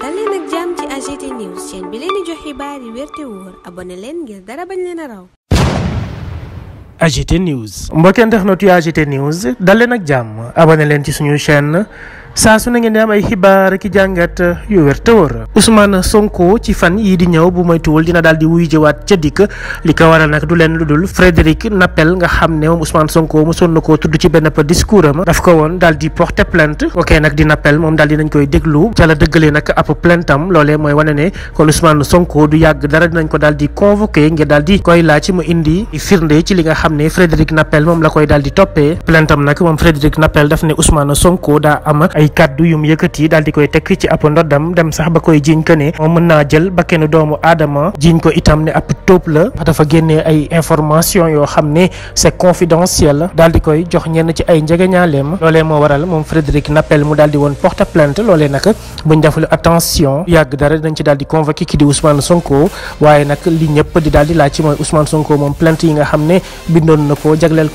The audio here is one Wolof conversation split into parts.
dal leen ak jàmm ci AGT news chaîne bi leen di jox xibaar yi wér te wóor abonné leen ngir dara bañ leen a raw. AGT news. mbokk internet yu AGT news dal ak jàmm abone leen ci suñu chaîne. saa su ne ngeen di am ay xibaar ki jàngat uh, yu wér te wóor Ousmane Sonko ci fan yii di ñëw bu moytuwul dina daal di wuy jëwaat ca dikk li ko waral nag du leen lu dul Frédéric Nappel nga xam ne moom Ousmane Sonko mosoon na koo tudd ci benn discours am daf ko woon daal di porter plainte ok nag di Nappel moom daal di nañ koy déglu ca la dëggalee nag ab plainte am loolee mooy wane ne kon Ousmane Sonko du yàgg dara dinañ ko daal di convoqué ngir daal di koy laaj mu indi firnde ci li nga xam ne Frédéric Nappel moom la koy daal di toppee plainte am nag moom Frédéric daf ne Ousmane Sonko daa am ay ay kàddu yu mu yëkkati daal di koy teg ci ab ndoddam dem sax ba koy jiiñ ko ne moom mën naa jël bakkenu doomu aadama jiiñ ko itam ne ab tóob la dafa génnee ay information yoo xam ne c'est confidentiel daal di koy jox ñenn ci ay njegeñaaleem loolee moo waral moom Frédéric Napel mu daal di woon porte plainte loolee nag buñ deful attention yàgg dara dañ ci daal di convoqué ki di Ousmane Sonko waaye nag li ñëpp di daal di laaj ci mooy Ousmane Sonko moom plainte yi nga xam ne bindoon na ko jagleel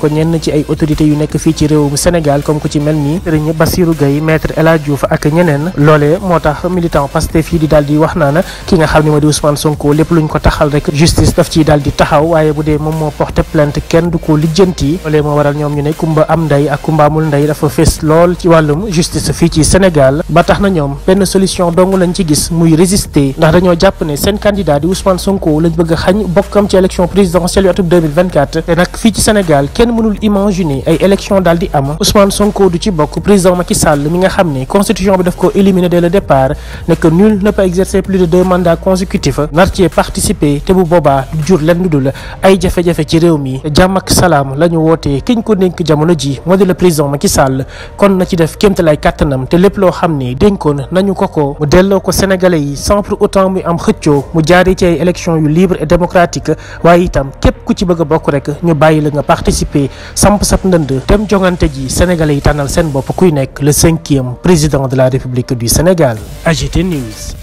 maître El Hadj Diouf ak ñeneen loolee moo tax militant Pastef yi di daal di wax na ki nga xam ne moo di Ousmane Sonko lépp luñ ko taxal rek justice daf ciy daal taxaw waaye bu dee moom moo porté plainte kenn du ko lijjanti loolee moo waral ñoom ñu ne kumba am ndey ak kumba amul ndey dafa fees lool ci wàllum justice fii ci Sénégal ba tax na ñoom benn solution dong lañ ci gis muy résister ndax dañoo jàpp ne seen candidat di Ousmane Sonko lañ bëgg a xañ bokkam ci élection présidentielle yu atum 2024 te nag fii ci Sénégal kenn mënul imaginer ay élection daal di am Ousmane Sonko du nga xam ni constitution bi daf ko éliminer dès le départ ne que nul ne exercer plus de deux mandats consécutifs nar cee participer te bu boobaa du jur lenn lu dul ay jafe-jafe ci réew mi jàmm ak salaam la ñu wootee kiñ ko dénk jamono ji moo di le président Macky Sall kon na ci def kéemtalaay kàttanam te lépp loo xam ni dénkoon nañu ko ko mu delloo ko Sénégalais yi sans pour autant muy am xëccoo mu jaaree ci ay élections yu libre et démocratique waaye itam képp ku ci bëgg a bokk rek ñu bàyyi ji Sénégalais yi tànnal seen cinquième président de la République du Sénégal AGT News